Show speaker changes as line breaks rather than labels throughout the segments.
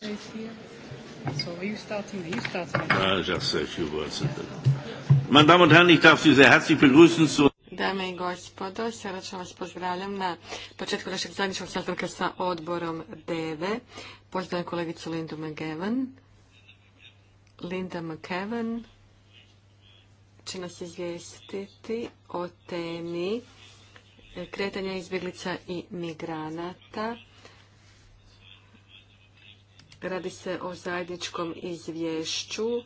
So, are Dame i gospodo, ću vas pozdravljam na početku našeg zajedničkog sastanka sa odborom DEVE. Pozdravljam kolegicu Lindu McGavan. Linda McEwan će nas izvijestiti o temi kretanja izbjeglica i migranata Radi se o zajedničkom izvješću e,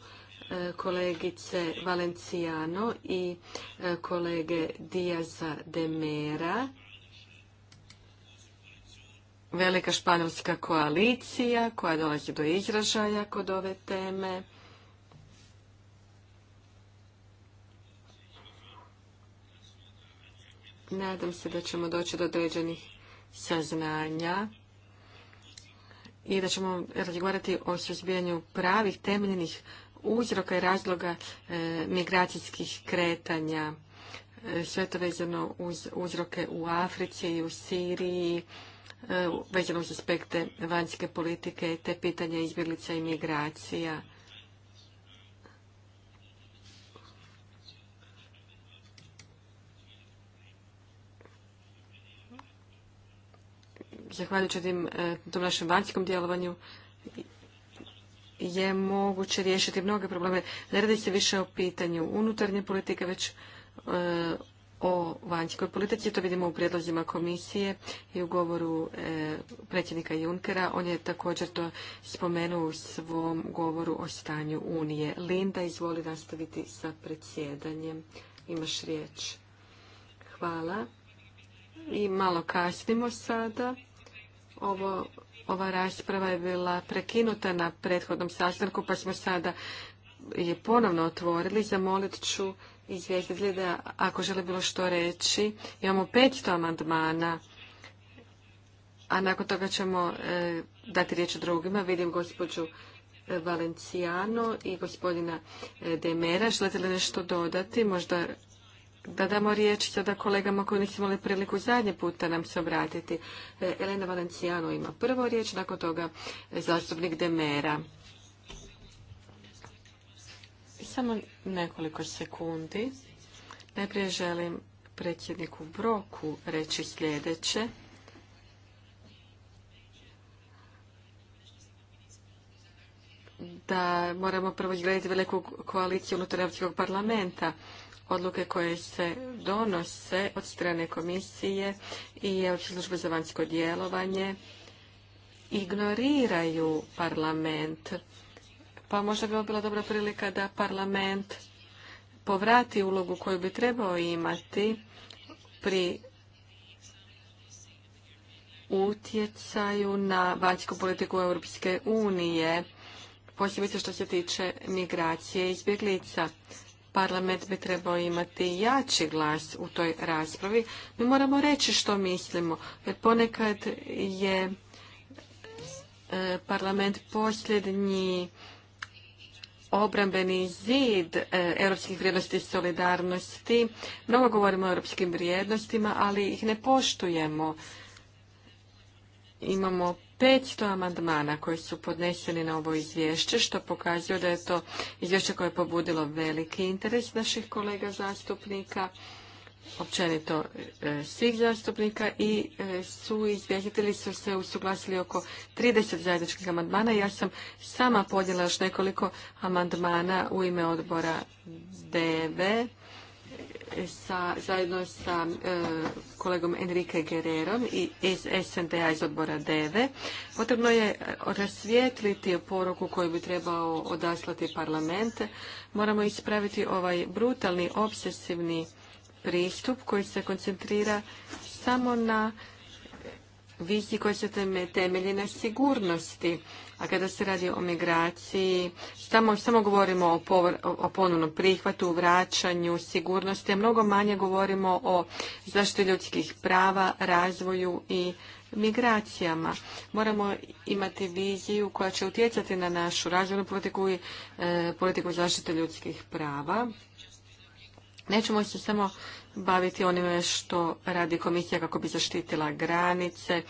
kolegice Valenciano i e, kolege Diaza de Mera. Velika španjolska koalicija koja dolazi do izražaja kod ove teme. Nadam se da ćemo doći do određenih saznanja i da ćemo razgovarati o suzbijanju pravih temeljnih uzroka i razloga e, migracijskih kretanja. E, sve to vezano uz uzroke u Africi i u Siriji, e, vezano uz aspekte vanjske politike, te pitanja izbjeglica i migracija. zahvaljujući tim, e, tom našem vanjskom djelovanju je moguće riješiti mnoge probleme. Ne radi se više o pitanju unutarnje politike, već e, o vanjskoj politici. To vidimo u prijedlozima komisije i u govoru e, predsjednika Junkera. On je također to spomenuo u svom govoru o stanju Unije. Linda, izvoli nastaviti sa predsjedanjem. Imaš riječ. Hvala. I malo kasnimo sada. Ovo, ova rasprava je bila prekinuta na prethodnom sastanku, pa smo sada je ponovno otvorili. Zamolit ću izvjestitelji da ako žele bilo što reći, imamo 500 amandmana, a nakon toga ćemo e, dati riječ drugima. Vidim gospođu e, Valenciano i gospodina e, Demera. Želite li nešto dodati? Možda da damo riječ sada kolegama koji nisu imali priliku zadnji puta nam se obratiti. E, Elena Valencijano ima prvo riječ, nakon toga zastupnik Demera. Samo nekoliko sekundi. Najprije želim predsjedniku Broku reći sljedeće. Da moramo prvo izgledati veliku koaliciju unutar Europskog parlamenta odluke koje se donose od strane komisije i od službe za vanjsko djelovanje ignoriraju parlament. Pa možda bi bila dobra prilika da parlament povrati ulogu koju bi trebao imati pri utjecaju na vanjsku politiku Europske unije, posebice što se tiče migracije i izbjeglica parlament bi trebao imati jači glas u toj raspravi. Mi moramo reći što mislimo, jer ponekad je e, parlament posljednji obrambeni zid e, europskih vrijednosti i solidarnosti. Mnogo govorimo o europskim vrijednostima, ali ih ne poštujemo. Imamo 500 amandmana koji su podneseni na ovo izvješće, što pokazuje da je to izvješće koje je pobudilo veliki interes naših kolega zastupnika, općenito e, svih zastupnika i e, su izvjestitelji su se usuglasili oko 30 zajedničkih amandmana. Ja sam sama podjela još nekoliko amandmana u ime odbora DV sa, zajedno sa e, kolegom Enrique Gererom i iz snda iz odbora DEVE. Potrebno je rasvijetliti poruku koju bi trebao odaslati parlament. Moramo ispraviti ovaj brutalni, obsesivni pristup koji se koncentrira samo na viziji koja se temelji na sigurnosti. A kada se radi o migraciji, samo, samo govorimo o, o ponovnom prihvatu, vraćanju, sigurnosti, a mnogo manje govorimo o zaštiti ljudskih prava, razvoju i migracijama. Moramo imati viziju koja će utjecati na našu razvojnu politiku i e, politiku zaštite ljudskih prava. Nećemo se samo baviti onime što radi komisija kako bi zaštitila granice,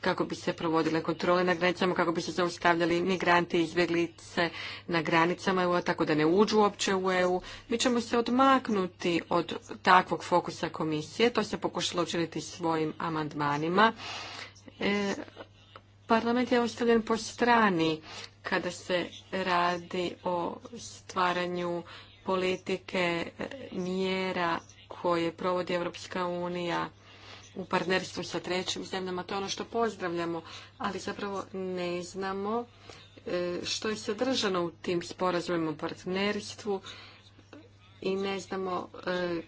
kako bi se provodile kontrole na granicama, kako bi se zaustavljali migranti i izbjeglice na granicama EU, tako da ne uđu uopće u EU. Mi ćemo se odmaknuti od takvog fokusa komisije. To se pokušalo učiniti svojim amandmanima. E, parlament je ostavljen po strani kada se radi o stvaranju politike e, mjera koje provodi Europska unija u partnerstvu sa trećim zemljama. To je ono što pozdravljamo, ali zapravo ne znamo e, što je sadržano u tim sporazumima o partnerstvu i ne znamo e,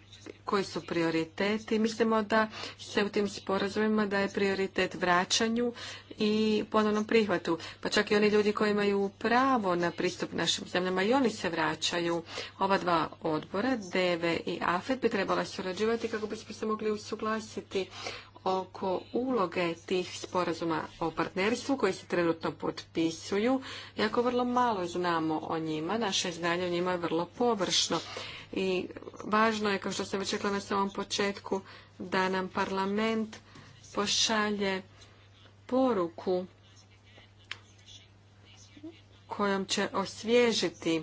koji su prioriteti. Mislimo da se u tim sporazumima daje prioritet vraćanju i ponovnom prihvatu. Pa čak i oni ljudi koji imaju pravo na pristup našim zemljama i oni se vraćaju. Ova dva odbora, DEVE i AFET, bi trebala surađivati kako bismo se mogli usuglasiti oko uloge tih sporazuma o partnerstvu koji se trenutno potpisuju. Jako vrlo malo znamo o njima, naše znanje o njima je vrlo površno. I važno je, kao što sam već rekla na samom početku, da nam parlament pošalje poruku kojom će osvježiti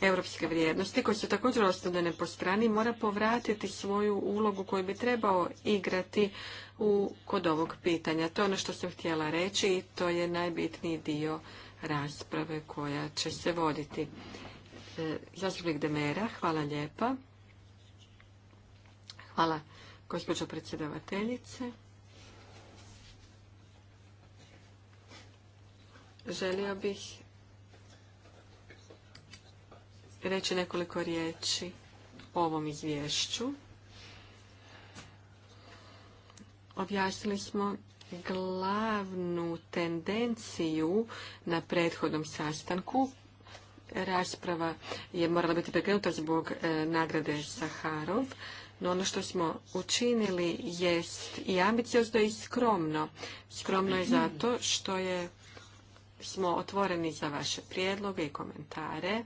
europske vrijednosti, koje su također ostavljene po strani, mora povratiti svoju ulogu koju bi trebao igrati u, kod ovog pitanja. To je ono što sam htjela reći i to je najbitniji dio rasprave koja će se voditi. Zastupnik Demera, hvala lijepa. Hvala gospođo predsjedavateljice. Želio bih reći nekoliko riječi o ovom izvješću. Objasnili smo glavnu tendenciju na prethodnom sastanku rasprava je morala biti prekrenuta zbog e, nagrade Saharov, no ono što smo učinili jest i ambiciozno i skromno. Skromno je zato što je, smo otvoreni za vaše prijedloge i komentare.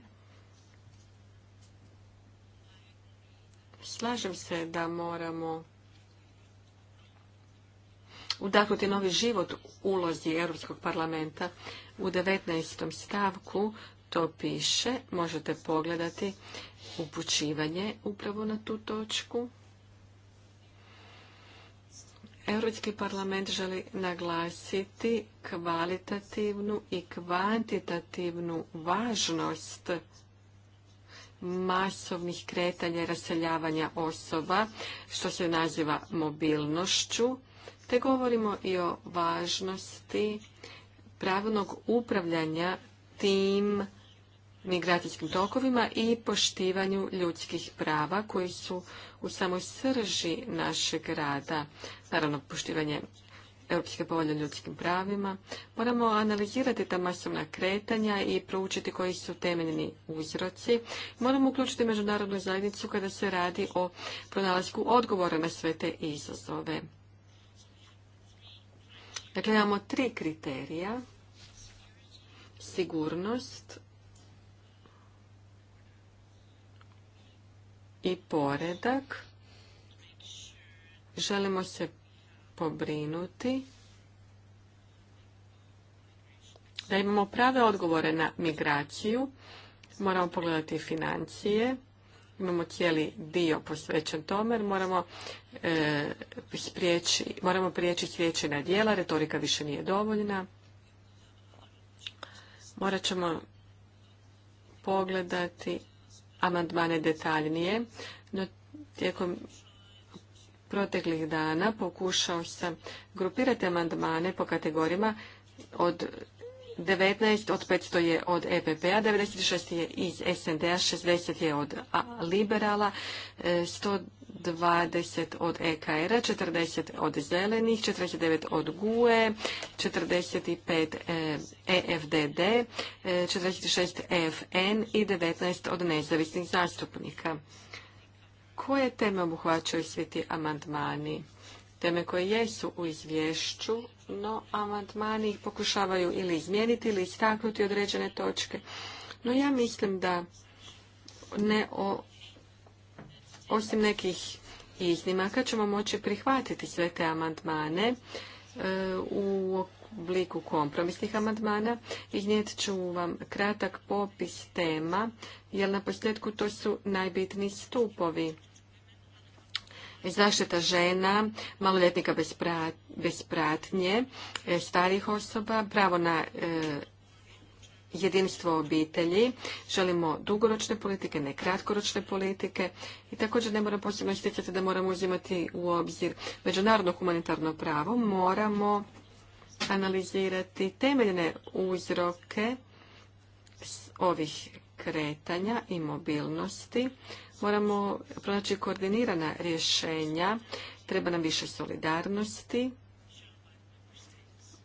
Slažem se da moramo udahnuti novi život ulozi Europskog parlamenta u 19. stavku to piše, možete pogledati upućivanje upravo na tu točku. Europski parlament želi naglasiti kvalitativnu i kvantitativnu važnost masovnih kretanja i raseljavanja osoba, što se naziva mobilnošću, te govorimo i o važnosti pravnog upravljanja tim migracijskim tokovima i poštivanju ljudskih prava koji su u samoj srži našeg rada. Naravno, poštivanje Europske povolje o ljudskim pravima. Moramo analizirati ta masovna kretanja i proučiti koji su temeljni uzroci. Moramo uključiti međunarodnu zajednicu kada se radi o pronalasku odgovora na sve te izazove. Dakle, imamo tri kriterija sigurnost i poredak. Želimo se pobrinuti da imamo prave odgovore na migraciju. Moramo pogledati financije. Imamo cijeli dio posvećen tome moramo, e, moramo prijeći svijeći na dijela. Retorika više nije dovoljna. Morat ćemo pogledati amandmane detaljnije, no tijekom proteklih dana pokušao sam grupirati amandmane po kategorijama od 19 od 500 je od EPP-a, 96 je iz SND-a, 60 je od liberala, 100 e, 20 od EKR-a, 40 od zelenih, 49 od GUE, 45 EFDD, 46 EFN i 19 od nezavisnih zastupnika. Koje teme obuhvaćaju svi ti amandmani? Teme koje jesu u izvješću, no amandmani ih pokušavaju ili izmijeniti ili istaknuti određene točke. No ja mislim da ne o osim nekih iznimaka ćemo moći prihvatiti sve te amandmane e, u obliku kompromisnih amandmana. Iznijet ću vam kratak popis tema, jer na posljedku to su najbitniji stupovi. Zaštita žena, maloljetnika bez pratnje, e, starih osoba, pravo na e, jedinstvo obitelji, želimo dugoročne politike, ne kratkoročne politike i također ne moramo posebno isticati da moramo uzimati u obzir međunarodno humanitarno pravo, moramo analizirati temeljne uzroke ovih kretanja i mobilnosti. Moramo pronaći koordinirana rješenja, treba nam više solidarnosti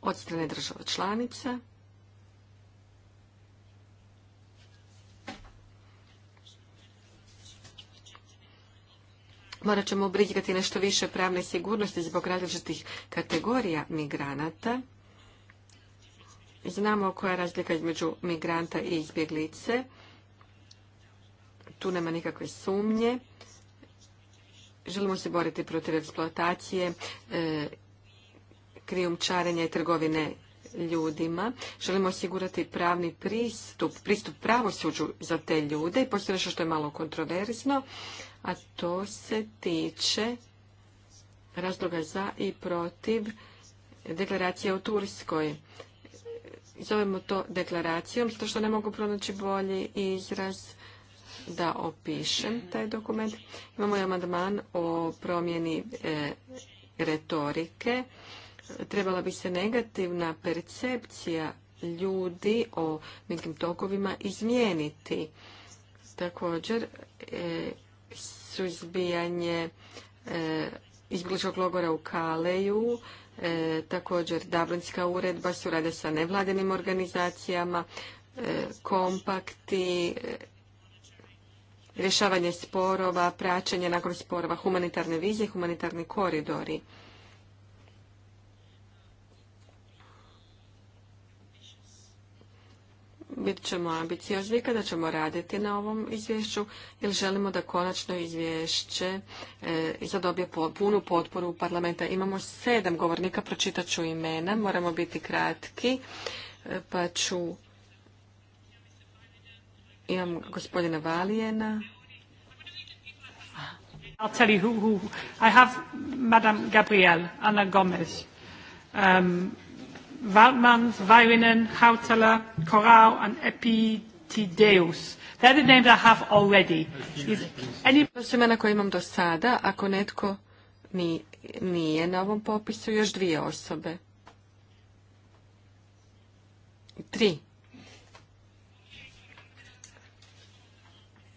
od strane država članica Morat ćemo obrigati nešto više pravne sigurnosti zbog različitih kategorija migranata. Znamo koja je razlika između migranta i izbjeglice. Tu nema nikakve sumnje. Želimo se boriti protiv eksploatacije, e, krijumčarenja i trgovine ljudima. Želimo osigurati pravni pristup, pristup pravosuđu za te ljude i postoje nešto što je malo kontroverzno, a to se tiče razloga za i protiv deklaracije o Turskoj. Zovemo to deklaracijom, zato što ne mogu pronaći bolji izraz da opišem taj dokument. Imamo i amandman o promjeni e, retorike trebala bi se negativna percepcija ljudi o nekim tokovima izmijeniti. Također, e, suzbijanje e, logora u Kaleju, e, također Dablinska uredba, surada sa nevladenim organizacijama, e, kompakti, e, rješavanje sporova, praćenje nakon sporova, humanitarne vizije, humanitarni koridori. bit ćemo ambiciozni kada ćemo raditi na ovom izvješću jer želimo da konačno izvješće e, zadobije punu potporu parlamenta. Imamo sedam govornika, pročitat ću imena, moramo biti kratki, e, pa ću... Imam gospodina Valijena.
I'll I have Madame Gabrielle, Ana Gomez. Um, Valmans, Vairinen, Hautala,
Corral and Epitideus. They're the names have already. Is any... To su imena koje imam do sada. Ako netko ni, nije na ovom popisu, još dvije osobe. Tri.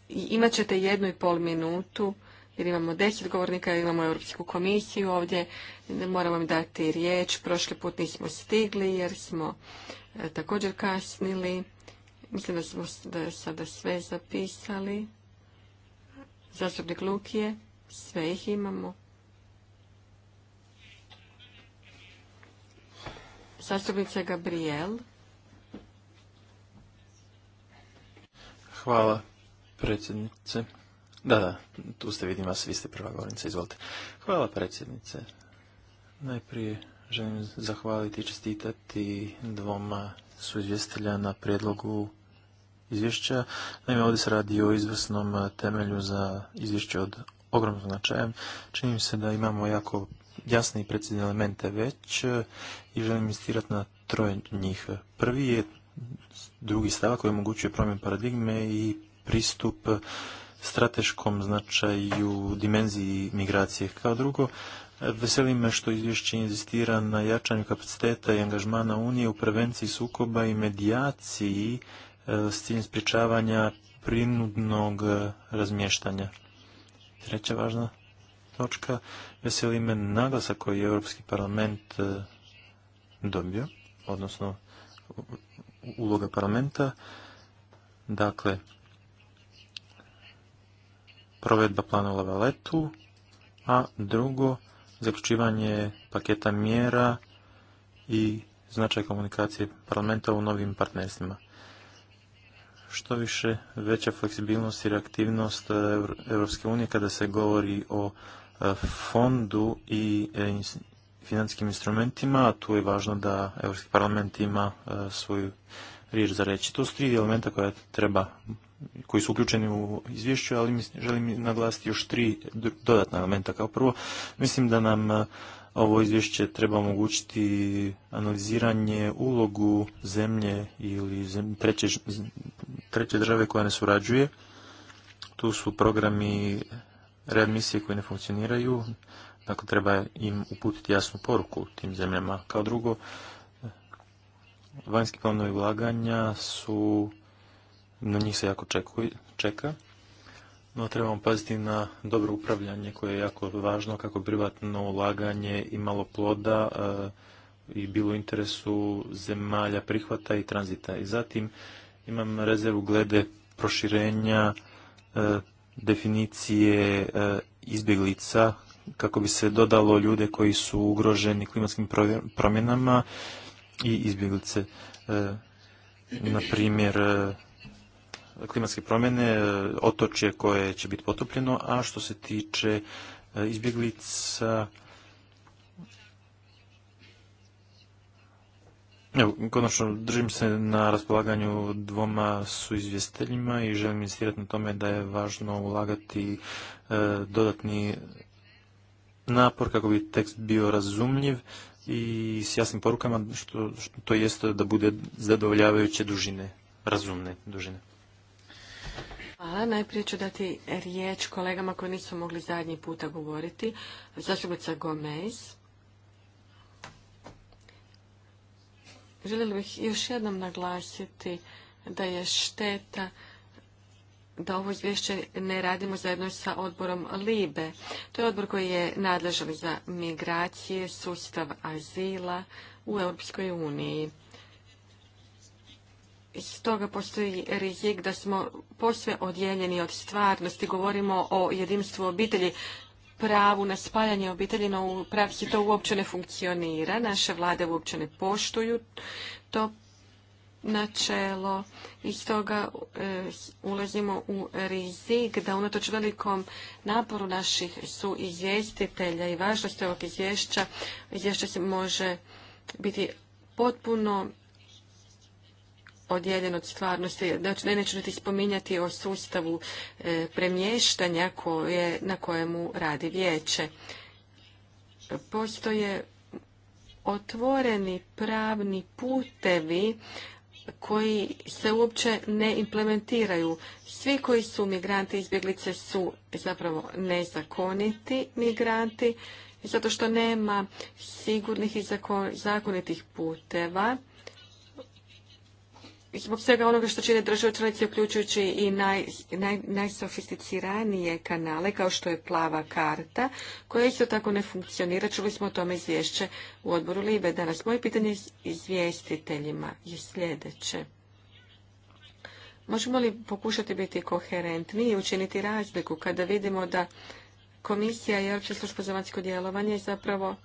Imaćete ćete jednu i pol minutu jer imamo deset govornika, imamo Europsku komisiju ovdje, moramo im dati riječ. Prošli put nismo stigli jer smo e, također kasnili. Mislim da smo da sada sve zapisali. Zastupnik Lukije, sve ih imamo. Zastupnica Gabriel.
Hvala predsjednice. Da, da, tu ste vidim vas, vi ste prva govornica, izvolite. Hvala predsjednice. Najprije želim zahvaliti i čestitati dvoma suizvjestelja na prijedlogu izvješća. Naime, ovdje se radi o izvrsnom temelju za izvješće od ogromnog značaja. Činim se da imamo jako jasne i precizne elemente već i želim investirati na troje njih. Prvi je drugi stavak koji omogućuje promjen paradigme i pristup strateškom značaju dimenziji migracije. Kao drugo, veseli me što izvješće inzistira na jačanju kapaciteta i angažmana Unije u prevenciji sukoba i medijaciji e, s ciljem sprječavanja prinudnog e, razmještanja. Treća važna točka, veseli me naglasa koji je Europski parlament e, dobio, odnosno uloga parlamenta. Dakle, provedba u lavaletu, a drugo zaključivanje paketa mjera i značaj komunikacije parlamenta u novim partnerstvima. Što više veća fleksibilnost i reaktivnost Europske unije kada se govori o e, fondu i e, financijskim instrumentima, a tu je važno da Europski parlament ima e, svoju riječ za reći. To su tri elementa koja treba koji su uključeni u izvješću, ali želim naglasiti još tri dodatna elementa. Kao prvo, mislim da nam e, ovo izvješće treba omogućiti analiziranje ulogu zemlje ili treće, države koja ne surađuje. Tu su programi readmisije koji ne funkcioniraju, Tako dakle, treba im uputiti jasnu poruku tim zemljama. Kao drugo, e, vanjski planovi ulaganja su na njih se jako čeka. No, trebamo paziti na dobro upravljanje koje je jako važno kako privatno ulaganje malo ploda e, i bilo interesu zemalja prihvata i tranzita. I zatim imam rezervu glede proširenja e, definicije e, izbjeglica kako bi se dodalo ljude koji su ugroženi klimatskim promjenama i izbjeglice. Na primjer, klimatske promjene, e, otočje koje će biti potopljeno, a što se tiče e, izbjeglica, Evo, konačno držim se na raspolaganju dvoma su izvjestiteljima i želim insistirati na tome da je važno ulagati e, dodatni napor kako bi tekst bio razumljiv i s jasnim porukama što, što to jeste da bude zadovoljavajuće dužine, razumne dužine.
Hvala. Najprije ću dati riječ kolegama koji nisu mogli zadnji puta govoriti. Zastupnica Gomez. Željela bih još jednom naglasiti da je šteta da ovo izvješće ne radimo zajedno sa odborom LIBE. To je odbor koji je nadležan za migracije, sustav azila u Europskoj uniji. Stoga postoji rizik da smo posve odjeljeni od stvarnosti. Govorimo o jedinstvu obitelji, pravu na spajanje obitelji, no u praksi to uopće ne funkcionira. Naše vlade uopće ne poštuju to načelo i stoga e, ulazimo u rizik da unatoč velikom naporu naših su izvjestitelja i važnost ovog izvješća, izvješće se može biti potpuno odjeljen od stvarnosti. Znači, ne neću niti spominjati o sustavu e, premještanja na kojemu radi vijeće. Postoje otvoreni pravni putevi koji se uopće ne implementiraju. Svi koji su migranti izbjeglice su zapravo nezakoniti migranti zato što nema sigurnih i zakonitih puteva zbog svega onoga što čine države članice, uključujući i najsofisticiranije kanale, kao što je plava karta, koja isto tako ne funkcionira. Čuli smo o tome izvješće u odboru Libe danas. Moje pitanje izvjestiteljima je sljedeće. Možemo li pokušati biti koherentni i učiniti razliku kada vidimo da Komisija i Europska služba za vanjsko djelovanje zapravo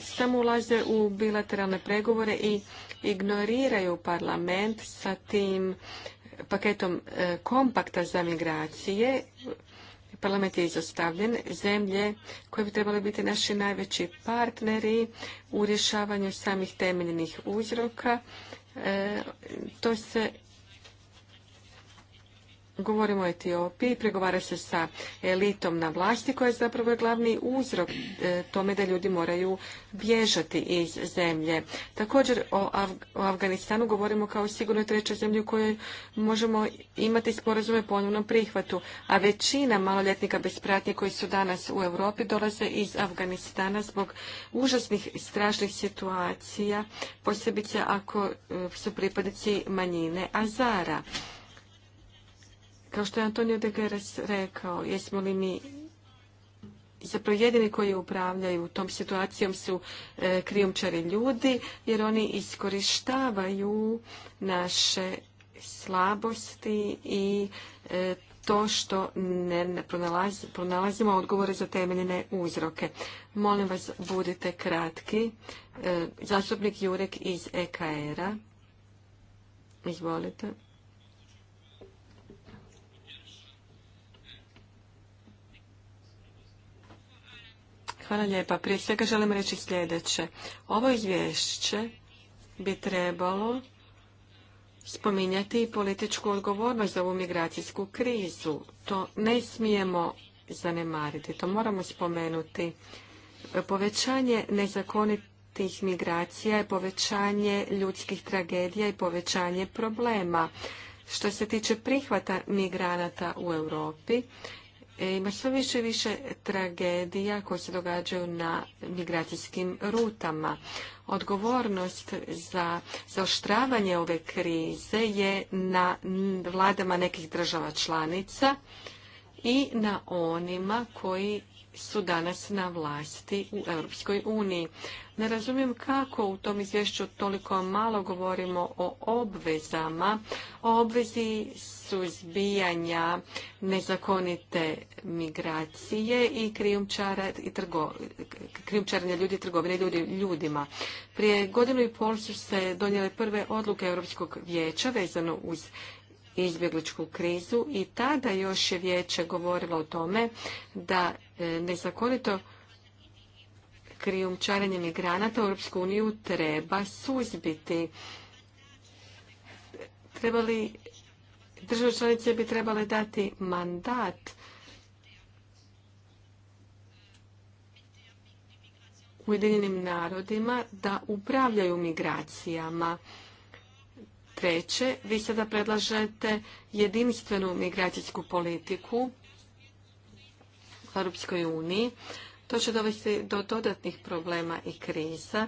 samo ulaze u bilateralne pregovore i ignoriraju parlament sa tim paketom e, kompakta za migracije. Parlament je izostavljen. Zemlje koje bi trebali biti naši najveći partneri u rješavanju samih temeljnih uzroka. E, to se Govorimo o Etiopiji, pregovara se sa elitom na vlasti koja je zapravo glavni uzrok e, tome da ljudi moraju bježati iz zemlje. Također o, Afganistanu govorimo kao sigurnoj trećoj zemlji u kojoj možemo imati sporazume ponovnom prihvatu, a većina maloljetnika bez pratnje koji su danas u Europi dolaze iz Afganistana zbog užasnih i strašnih situacija, posebice ako e, su pripadnici manjine Azara. Kao što je Antonio de Geres rekao, jesmo li mi zapravo jedini koji upravljaju tom situacijom su e, krijumčari ljudi, jer oni iskorištavaju naše slabosti i e, to što ne pronalazimo odgovore za temeljne uzroke. Molim vas, budite kratki. E, zastupnik Jurek iz EKR-a. Izvolite. Hvala lijepa. Prije svega želim reći sljedeće. Ovo izvješće bi trebalo spominjati i političku odgovornost za ovu migracijsku krizu. To ne smijemo zanemariti, to moramo spomenuti. Povećanje nezakonitih migracija je povećanje ljudskih tragedija i povećanje problema. Što se tiče prihvata migranata u Europi, E, ima sve više i više tragedija koje se događaju na migracijskim rutama. Odgovornost za zaoštravanje ove krize je na vladama nekih država članica i na onima koji su danas na vlasti u Europskoj uniji. Ne razumijem kako u tom izvješću toliko malo govorimo o obvezama, o obvezi suzbijanja nezakonite migracije i krijumčarenja ljudi i trgovine ljudi, ljudima. Prije godinu i pol su se donijele prve odluke Europskog vijeća vezano uz izbjegličku krizu i tada još je vijeće govorilo o tome da e, nezakonito krijumčarenje migranata u Europsku uniju treba suzbiti. Trebali, države članice bi trebale dati mandat Ujedinjenim narodima da upravljaju migracijama. Treće, vi sada predlažete jedinstvenu migracijsku politiku u Europskoj uniji. To će dovesti do dodatnih problema i kriza.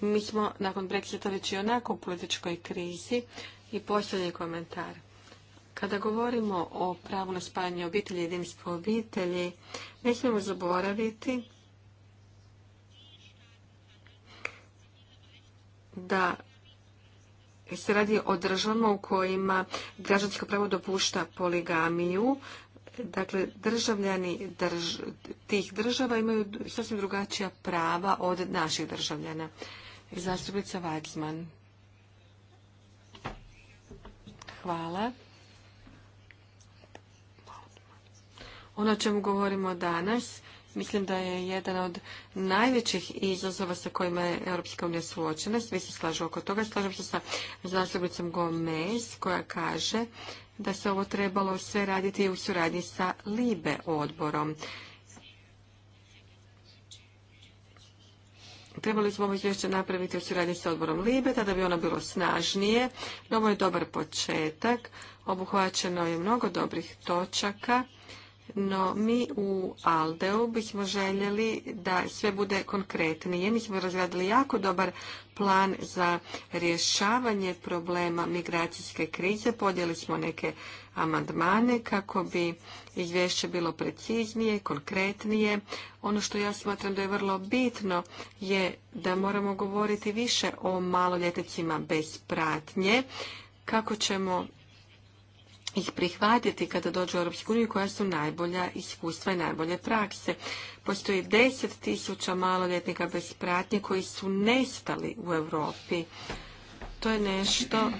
Mi smo nakon Brexita već i onako u političkoj krizi. I posljednji komentar. Kada govorimo o pravu na spajanje obitelji i jedinstvo obitelji, ne smijemo zaboraviti da se radi o državama u kojima građansko pravo dopušta poligamiju. Dakle, državljani tih država imaju sasvim drugačija prava od naših državljana. Zastupnica Vajzman. Hvala. Ono o čemu govorimo danas Mislim da je jedan od najvećih izazova sa kojima je Europska unija suočena. Svi se slažu oko toga. Slažem se sa zastupnicom Gomez koja kaže da se ovo trebalo sve raditi u suradnji sa LIBE odborom. Trebali smo ovo izvješće napraviti u suradnji sa odborom Libe, tada bi ono bilo snažnije. Ovo je dobar početak, obuhvaćeno je mnogo dobrih točaka no, mi u Aldeu bismo željeli da sve bude konkretnije. Mi smo razradili jako dobar plan za rješavanje problema migracijske krize. Podijeli smo neke amandmane kako bi izvješće bilo preciznije, konkretnije. Ono što ja smatram da je vrlo bitno je da moramo govoriti više o maloljetnicima bez pratnje kako ćemo ih prihvatiti kada dođu u Europsku uniju koja su najbolja iskustva i najbolje prakse. Postoji deset tisuća maloljetnika bez pratnje koji su nestali u Europi. To je nešto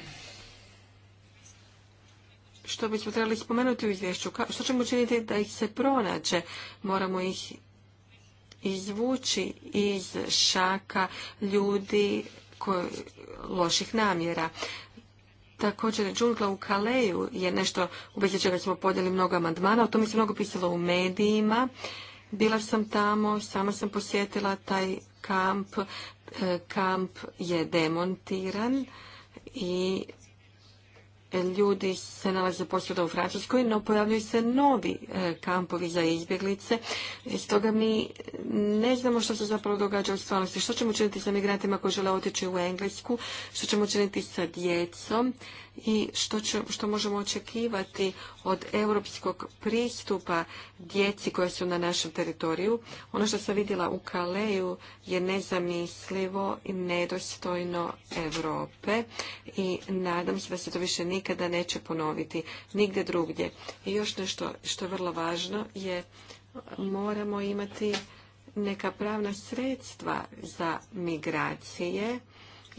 što bismo trebali spomenuti u izvješću. Što ćemo učiniti da ih se pronađe? Moramo ih izvući iz šaka ljudi loših namjera. Također, džungla u Kaleju je nešto u vezi čega smo podijeli mnogo amandmana. O tome se mnogo pisalo u medijima. Bila sam tamo, sama sam posjetila taj kamp. E, kamp je demontiran i ljudi se nalaze posuda u Francuskoj, no pojavljuju se novi e, kampovi za izbjeglice. Stoga mi ne znamo što se zapravo događa u stvarnosti. Što ćemo učiniti sa migrantima koji žele otići u Englesku? Što ćemo učiniti sa djecom? i što, što možemo očekivati od europskog pristupa djeci koja su na našem teritoriju. Ono što sam vidjela u Kaleju je nezamislivo i nedostojno Europe i nadam se da se to više nikada neće ponoviti, nigdje drugdje. I još nešto što je vrlo važno je moramo imati neka pravna sredstva za migracije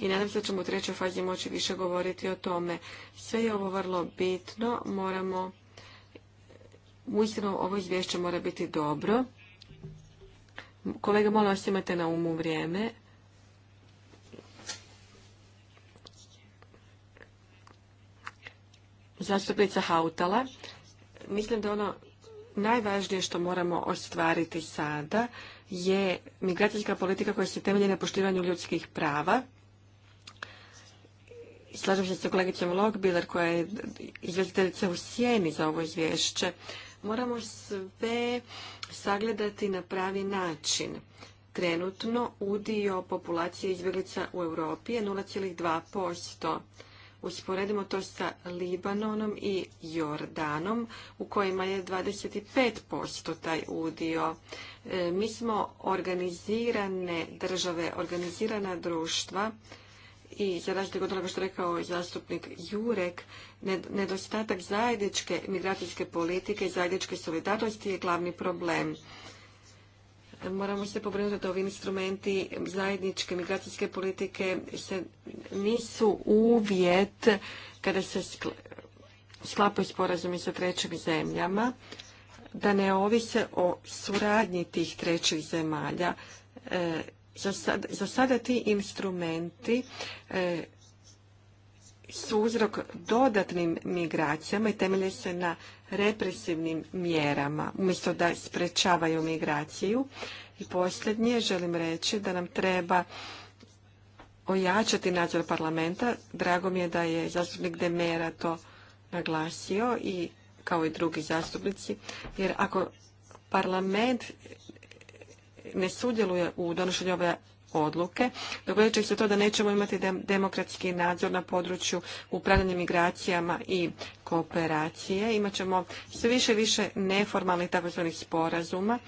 i nadam se da ćemo u trećoj fazi moći više govoriti o tome. Sve je ovo vrlo bitno, moramo, uistinu ovo izvješće mora biti dobro. Kolega, molim vas imate na umu vrijeme. Zastupnica Hautala, mislim da ono najvažnije što moramo ostvariti sada je migracijska politika koja se temelji na poštivanju ljudskih prava slažem se sa kolegicom Logbiller koja je izvjestiteljica u sjeni za ovo izvješće. Moramo sve sagledati na pravi način. Trenutno udio populacije izbjeglica u Europi je 0,2%. Usporedimo to sa Libanonom i Jordanom u kojima je 25% taj udio. E, mi smo organizirane države, organizirana društva i za razliku od onoga što rekao zastupnik Jurek, nedostatak zajedničke migracijske politike i zajedničke solidarnosti je glavni problem. Moramo se pobrinuti da ovi instrumenti zajedničke migracijske politike se nisu uvjet kada se sklapaju sporazumi sa trećim zemljama, da ne ovise o suradnji tih trećih zemalja. E, za sada, ti instrumenti e, su uzrok dodatnim migracijama i temelje se na represivnim mjerama, umjesto da sprečavaju migraciju. I posljednje želim reći da nam treba ojačati nadzor parlamenta. Drago mi je da je zastupnik Demera to naglasio i kao i drugi zastupnici, jer ako parlament ne sudjeluje u donošenju ove odluke, dogodit će se to da nećemo imati demokratski nadzor na području upravljanja migracijama i kooperacije. Imaćemo sve više i više neformalnih takozvanih sporazuma,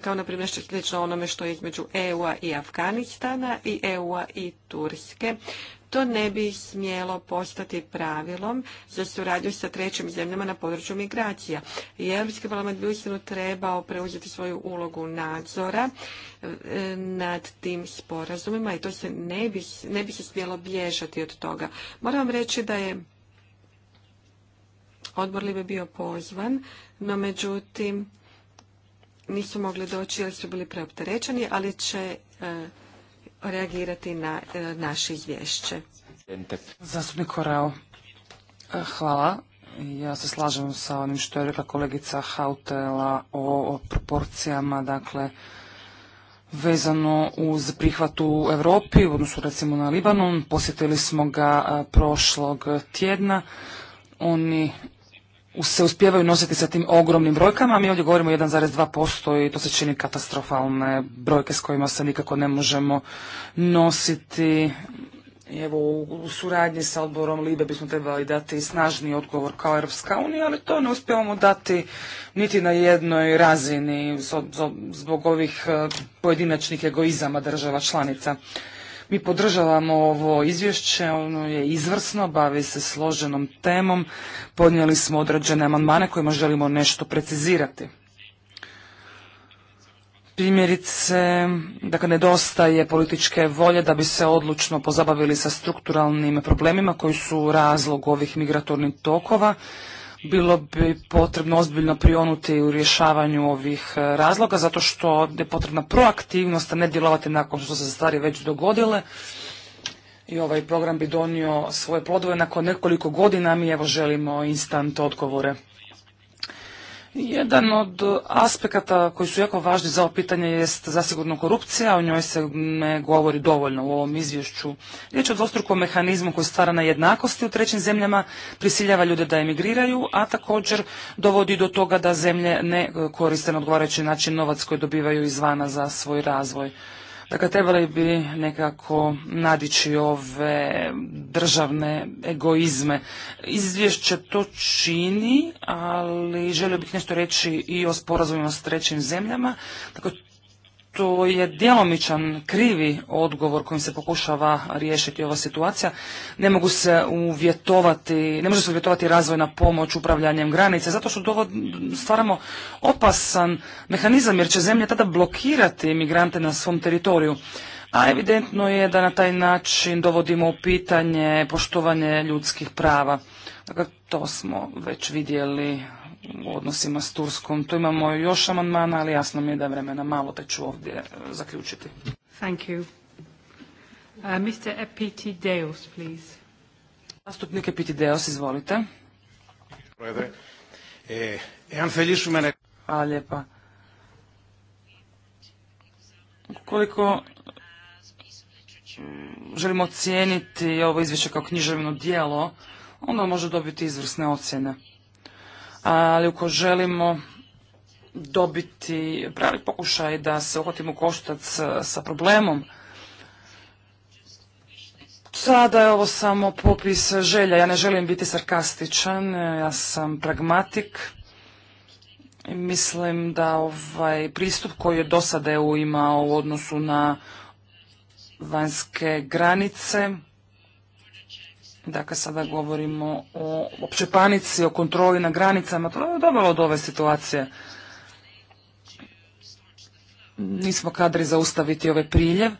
kao na primjer što slično onome što je između EU-a i Afganistana i EU-a i Turske. To ne bi smjelo postati pravilom za suradnju sa trećim zemljama na području migracija. I Europski parlament bi uistinu trebao preuzeti svoju ulogu nadzora e, nad tim sporazumima i to se ne bi, ne bi se smjelo bježati od toga. Moram vam reći da je odbor li bi bio pozvan, no međutim nisu mogli doći jer su bili preopterećeni, ali će e, reagirati na e, naše izvješće.
Zastupnik Korao, e, hvala. Ja se slažem sa onim što je rekla kolegica Hautela o proporcijama, dakle, vezano uz prihvat u Europi, u odnosu recimo na Libanon. Posjetili smo ga e, prošlog tjedna. Oni se uspijevaju nositi sa tim ogromnim brojkama, mi ovdje govorimo 1,2% i to se čini katastrofalne brojke s kojima se nikako ne možemo nositi. Evo, u suradnji sa odborom Libe bismo trebali dati snažni odgovor kao Europska ali to ne uspijevamo dati niti na jednoj razini zbog ovih e, pojedinačnih egoizama država članica. Mi podržavamo ovo izvješće, ono je izvrsno, bavi se složenom temom, podnijeli smo određene amandmane kojima želimo nešto precizirati. Primjerice, dakle, nedostaje političke volje da bi se odlučno pozabavili sa strukturalnim problemima koji su razlog ovih migratornih tokova bilo bi potrebno ozbiljno prionuti u rješavanju ovih e, razloga, zato što je potrebna proaktivnost, a ne djelovati nakon što se stvari već dogodile. I ovaj program bi donio svoje plodove nakon nekoliko godina, mi evo želimo instant odgovore. Jedan od aspekata koji su jako važni za ovo pitanje jest zasigurno korupcija, o njoj se ne govori dovoljno u ovom izvješću. Riječ je o dvostrukom mehanizmu koji stvara na jednakosti u trećim zemljama, prisiljava ljude da emigriraju, a također dovodi do toga da zemlje ne koriste na odgovarajući način novac koji dobivaju izvana za svoj razvoj. Dakle, trebali bi nekako nadići ove državne egoizme. Izvješće to čini, ali želio bih nešto reći i o sporazumima s trećim zemljama. Dakle, to je djelomičan krivi odgovor kojim se pokušava riješiti ova situacija. Ne mogu se uvjetovati, ne može se uvjetovati razvojna pomoć upravljanjem granice, zato što stvaramo opasan mehanizam jer će zemlje tada blokirati imigrante na svom teritoriju. A evidentno je da na taj način dovodimo u pitanje poštovanje ljudskih prava. Dakle, to smo već vidjeli u odnosima s Turskom. Tu imamo još amandmana, ali jasno mi je da je vremena malo, te ću ovdje e, zaključiti.
Thank you. Uh, Mr. Deus, please.
Zastupnik izvolite. E, Hvala lijepa. Koliko mm, želimo ocijeniti ovo izvješće kao književno dijelo, onda može dobiti izvrsne ocjene ali uko želimo dobiti pravi pokušaj da se uhvatimo koštac e, sa problemom, Sada je ovo samo popis želja. Ja ne želim biti sarkastičan, e, ja sam pragmatik. Mislim da ovaj pristup koji je do sada EU imao u odnosu na vanjske granice Dakle, sada govorimo o opće panici, o kontroli na granicama. To je dovelo do ove situacije. Nismo kadri zaustaviti ovaj priljev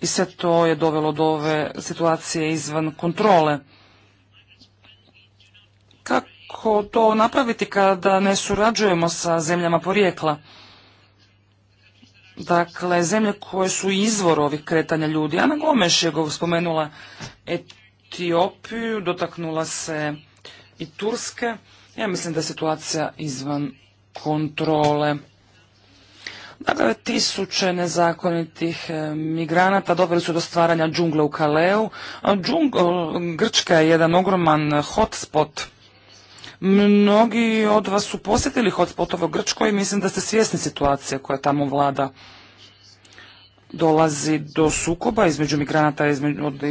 i sve to je dovelo do ove situacije izvan kontrole. Kako to napraviti kada ne surađujemo sa zemljama porijekla? Dakle, zemlje koje su izvor ovih kretanja ljudi. Ana Gomeš je spomenula E Etiopiju, dotaknula se i Turske. Ja mislim da je situacija izvan kontrole. Dakle, tisuće nezakonitih e, migranata doveli su do stvaranja džungle u Kaleu. Grčka je jedan ogroman hotspot. Mnogi od vas su posjetili hotspot ovo Grčkoj i mislim da ste svjesni situacije koja tamo vlada dolazi do sukoba između migranata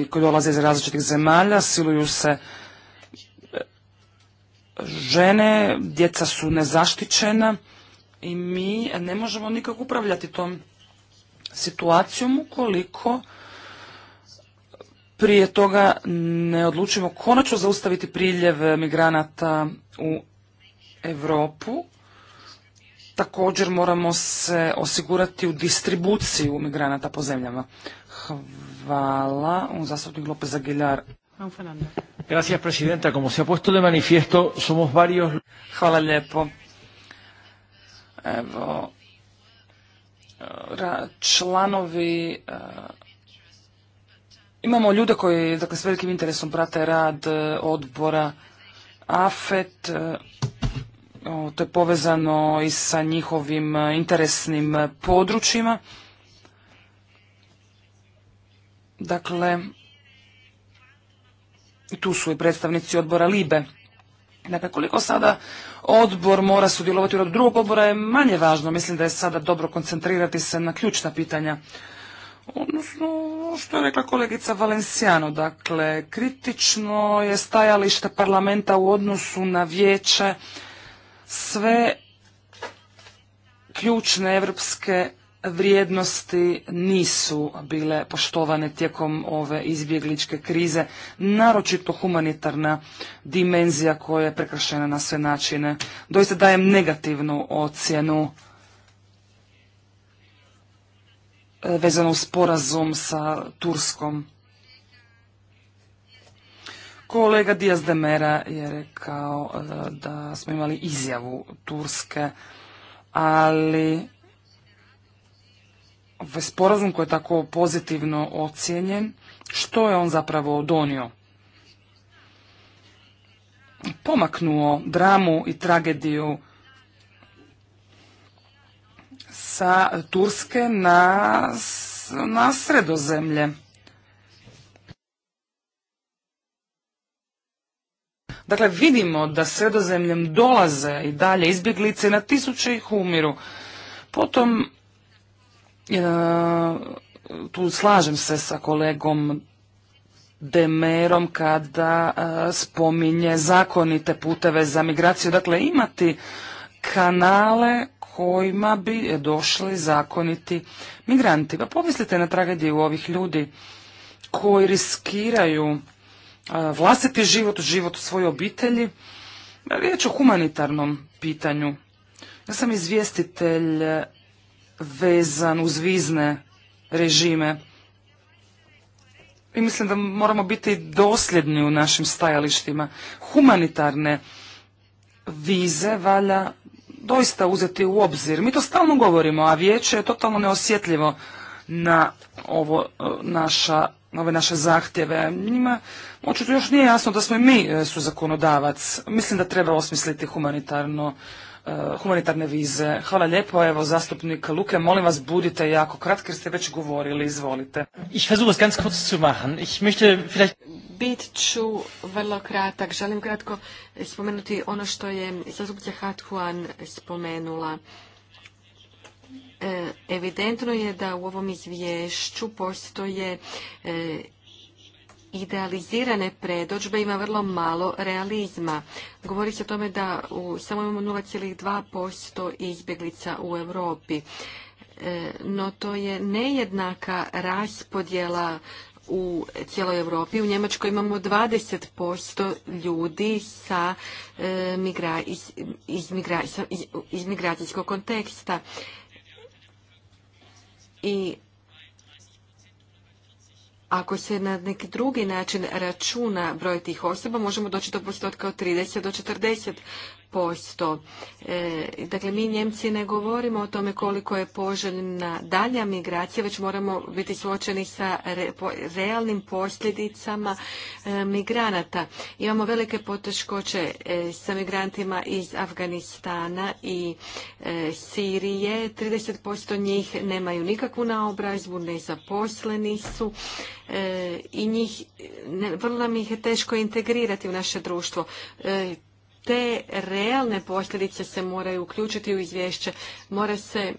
koji dolaze iz različitih zemalja, siluju se e, žene, djeca su nezaštićena i mi ne možemo nikako upravljati tom situacijom ukoliko prije toga ne odlučimo konačno zaustaviti priljev migranata u Europu Također moramo se osigurati u distribuciju migranata po zemljama. Hvala. Un zastupnik Lopez Aguilar. Gracias, presidenta. Como se ha puesto de manifiesto, somos varios... Hvala lijepo. Evo, članovi e, Imamo ljude koji dakle, s velikim interesom prate rad e, odbora AFET, e, to je povezano i sa njihovim e, interesnim e, područjima. Dakle, tu su i predstavnici odbora Libe. Dakle, koliko sada odbor mora sudjelovati od drugog odbora je manje važno. Mislim da je sada dobro koncentrirati se na ključna pitanja. Odnosno, što je rekla kolegica Valenciano, dakle, kritično je stajalište parlamenta u odnosu na vijeće sve ključne evropske vrijednosti nisu bile poštovane tijekom ove izbjegličke krize, naročito humanitarna dimenzija koja je prekršena na sve načine. Doista dajem negativnu ocjenu e, vezanu uz sporazum sa Turskom. Kolega Diaz de Mera je rekao e, da smo imali izjavu Turske, ali ovaj sporazum koji je tako pozitivno ocijenjen, što je on zapravo donio? Pomaknuo dramu i tragediju sa Turske na, na sredozemlje. Dakle, vidimo da sredozemljem dolaze i dalje izbjeglice na tisuće ih umiru. Potom, e, tu slažem se sa kolegom Demerom kada e, spominje zakonite puteve za migraciju. Dakle, imati kanale kojima bi došli zakoniti migranti. Pa pomislite na tragediju ovih ljudi koji riskiraju vlastiti život, život u svojoj obitelji. Riječ o humanitarnom pitanju. Ja sam izvjestitelj e, vezan uz vizne režime. I mislim da moramo biti dosljedni u našim stajalištima. Humanitarne vize valja doista uzeti u obzir. Mi to stalno govorimo, a vijeće je totalno neosjetljivo na ovo e, naša ove naše zahtjeve. Njima očito još nije jasno da smo i mi e, su zakonodavac. Mislim da treba osmisliti humanitarno e, humanitarne vize. Hvala lijepo, evo zastupnik Luke, molim vas budite jako kratki jer ste već govorili, izvolite. Ich versuche ganz kurz zu machen. Ich möchte vielleicht... Bit ću vrlo
kratak. Želim kratko spomenuti ono što je zastupnica Hathuan spomenula. E, evidentno je da u ovom izvješću postoje e, idealizirane predođbe ima vrlo malo realizma. Govori se o tome da u, samo imamo 0,2% izbjeglica u Europi. E, no to je nejednaka raspodjela u cijeloj Europi. U Njemačkoj imamo 20% ljudi sa, iz migracijskog konteksta i ako se na neki drugi način računa broj tih osoba, možemo doći do postotka od 30 do posto. E, dakle, mi Njemci ne govorimo o tome koliko je poželjna dalja migracija, već moramo biti suočeni sa realnim posljedicama e, migranata. Imamo velike poteškoće e, sa migrantima iz Afganistana i Sirije. 30% njih nemaju nikakvu naobrazbu, nezaposleni su i njih, vrlo nam ih je teško integrirati u naše društvo te realne posljedice se moraju uključiti u izvješće. Mora se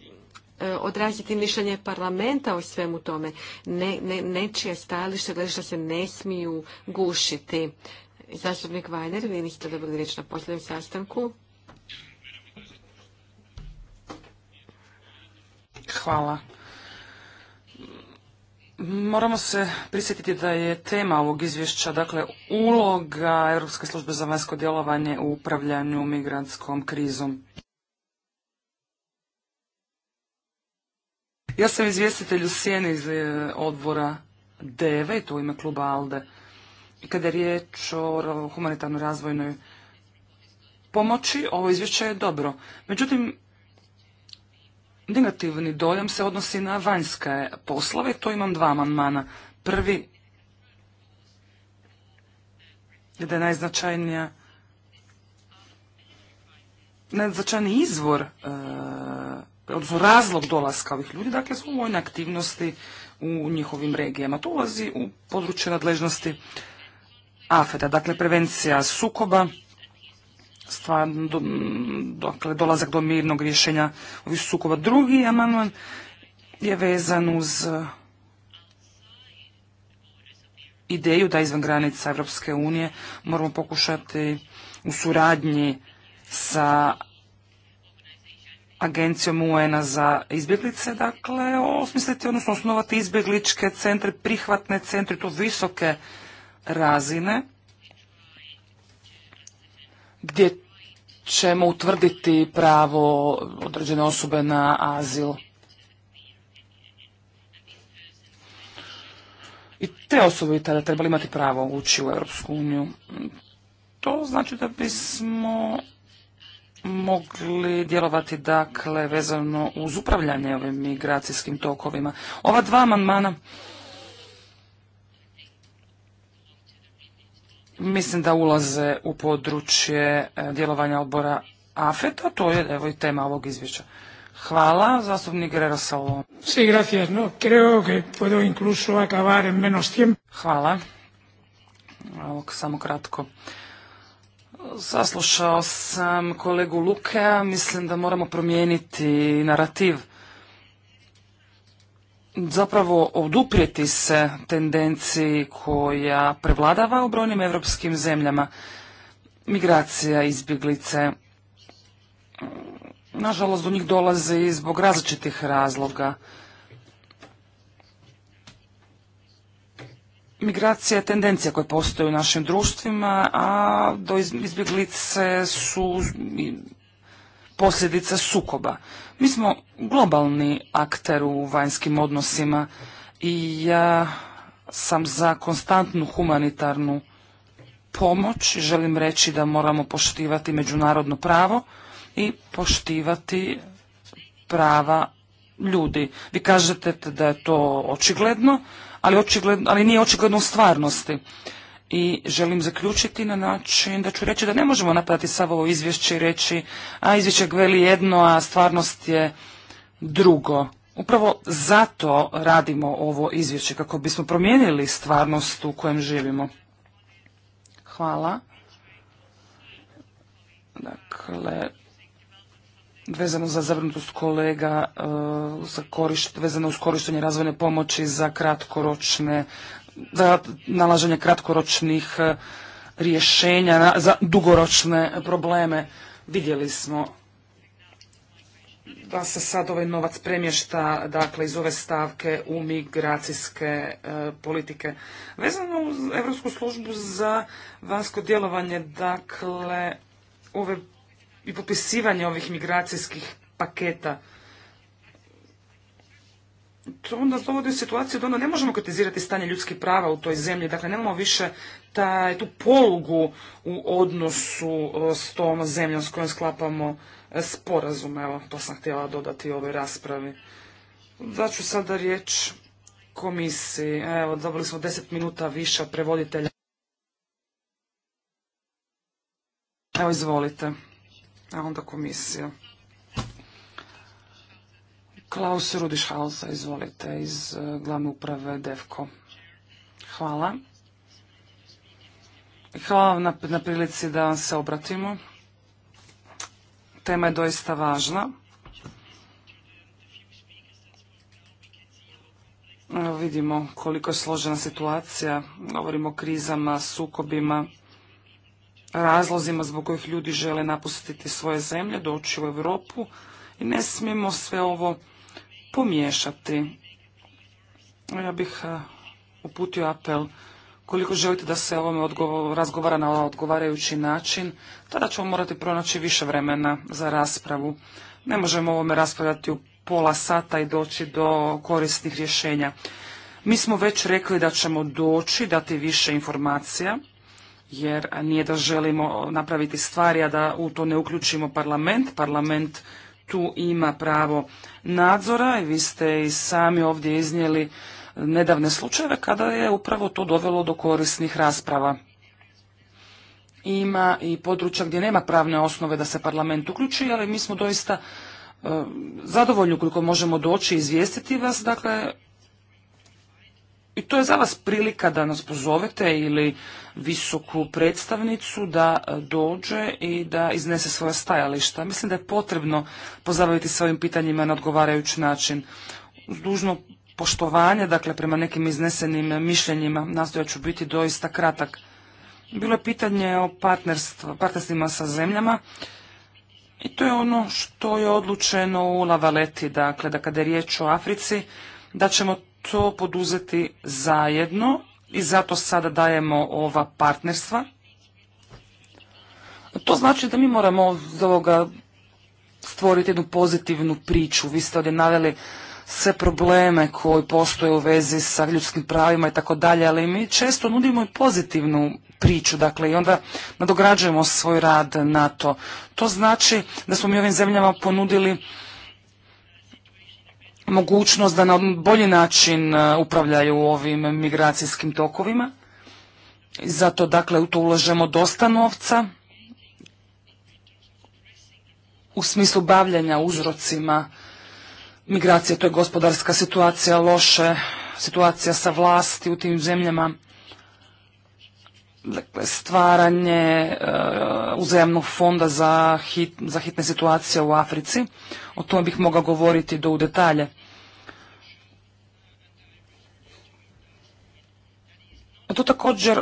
e, odraziti mišljenje parlamenta o svemu tome. Ne, ne, nečije stajalište se ne smiju gušiti. Zastupnik Vajner, vi niste dobili riječ na posljednjem sastanku.
Hvala Moramo se prisjetiti da je tema ovog izvješća, dakle, uloga Europske službe za vanjsko djelovanje u upravljanju migrantskom krizom. Ja sam izvjestitelj u sjeni iz e, odbora DEVE, to u ime kluba ALDE. kada je riječ o humanitarnoj razvojnoj pomoći, ovo izvješće je dobro. Međutim, Negativni dojam se odnosi na vanjske poslove, to imam dva amandmana. Prvi, da je najznačajnija najznačajniji izvor, e, razlog dolaska ovih ljudi, dakle su vojne aktivnosti u njihovim regijama. To ulazi u područje nadležnosti AFED-a, dakle prevencija sukoba, dakle, dolazak do mirnog rješenja ovih sukoba. Drugi amandman je vezan uz uh, ideju da izvan granica Europske unije moramo pokušati u suradnji sa agencijom UN-a za izbjeglice, dakle, osmisliti, odnosno osnovati izbjegličke centre, prihvatne centre, to visoke razine, gdje ćemo utvrditi pravo određene osobe na azil. I te osobe tada trebali imati pravo ući u Europsku uniju. To znači da bismo mogli djelovati dakle vezano uz upravljanje ovim migracijskim tokovima. Ova dva amandmana mislim da ulaze u područje e, djelovanja odbora AFET, a to je evo i tema ovog izvješća. Hvala, zastupnik Guerrero Sí, gracias, no, creo que puedo incluso acabar en menos tiempo. Hvala. samo kratko. Saslušao sam kolegu Luka, mislim da moramo promijeniti narativ zapravo oduprijeti se tendenciji koja prevladava u brojnim evropskim zemljama. Migracija, izbjeglice, nažalost do njih dolazi i zbog različitih razloga. Migracija je tendencija koja postoji u našim društvima, a do izbjeglice su posljedica sukoba. Mi smo globalni akter u vanjskim odnosima i ja sam za konstantnu humanitarnu pomoć. i Želim reći da moramo poštivati međunarodno pravo i poštivati prava ljudi. Vi kažete da je to očigledno, ali, očigledno, ali nije očigledno u stvarnosti i želim zaključiti na način da ću reći da ne možemo napraviti sav ovo izvješće i reći a izvješće veli jedno, a stvarnost je drugo. Upravo zato radimo ovo izvješće, kako bismo promijenili stvarnost u kojem živimo. Hvala. Dakle, vezano za zavrnutost kolega, e, vezano uz korištenje razvojne pomoći za kratkoročne za nalaženje kratkoročnih e, rješenja za dugoročne probleme. Vidjeli smo da se sad ovaj novac premješta dakle iz ove stavke u migracijske e, politike. Vezano uz Europsku službu za vanjsko djelovanje, dakle ove i popisivanje ovih migracijskih paketa to onda dovodi u situaciju da onda ne možemo kritizirati stanje ljudskih prava u toj zemlji, dakle nemamo više taj, tu polugu u odnosu e, s tom zemljom s kojom sklapamo e, sporazum. Evo, to sam htjela dodati u ovoj raspravi. Daću sada riječ komisiji. Evo, dobili smo deset minuta više prevoditelja. Evo, izvolite. A onda komisija. Klaus Rudišhausa, izvolite, iz e, glavne uprave DEVKO. Hvala. Hvala vam na, prilici da vam se obratimo. Tema je doista važna. Vidimo koliko je složena situacija, govorimo o krizama, sukobima, razlozima zbog kojih ljudi žele napustiti svoje zemlje, doći u Europu i ne smijemo sve ovo pomiješati. Ja bih e, uputio apel koliko želite da se ovome razgovara na odgovarajući način, tada ćemo morati pronaći više vremena za raspravu. Ne možemo ovome raspravljati u pola sata i doći do korisnih rješenja. Mi smo već rekli da ćemo doći, dati više informacija, jer nije da želimo napraviti stvari, a da u to ne uključimo parlament. Parlament tu ima pravo nadzora i vi ste i sami ovdje iznijeli nedavne slučajeve kada je upravo to dovelo do korisnih rasprava. Ima i područja gdje nema pravne osnove da se parlament uključi, ali mi smo doista e, zadovoljni ukoliko možemo doći i izvijestiti vas, dakle, i to je za vas prilika da nas pozovete ili visoku predstavnicu da e, dođe i da iznese svoja stajališta. Mislim da je potrebno pozabaviti se ovim pitanjima na odgovarajući način. Uz dužno poštovanje, dakle prema nekim iznesenim mišljenjima, nastoja ću biti doista kratak. Bilo je pitanje o partnerstvima sa zemljama i to je ono što je odlučeno u Lavaleti, dakle da kada je riječ o Africi, da ćemo to poduzeti zajedno i zato sada dajemo ova partnerstva. To znači da mi moramo od ovoga stvoriti jednu pozitivnu priču. Vi ste ovdje naveli sve probleme koji postoje u vezi sa ljudskim pravima i tako dalje, ali mi često nudimo i pozitivnu priču, dakle, i onda nadograđujemo svoj rad na to. To znači da smo mi ovim zemljama ponudili mogućnost da na bolji način e, upravljaju ovim migracijskim tokovima. Zato dakle u to ulažemo dosta novca u smislu bavljenja uzrocima migracije, to je gospodarska situacija loše, situacija sa vlasti u tim zemljama dakle, stvaranje e, uzajamnog fonda za, za hitne situacije u Africi. O tome bih mogao govoriti do u detalje. To također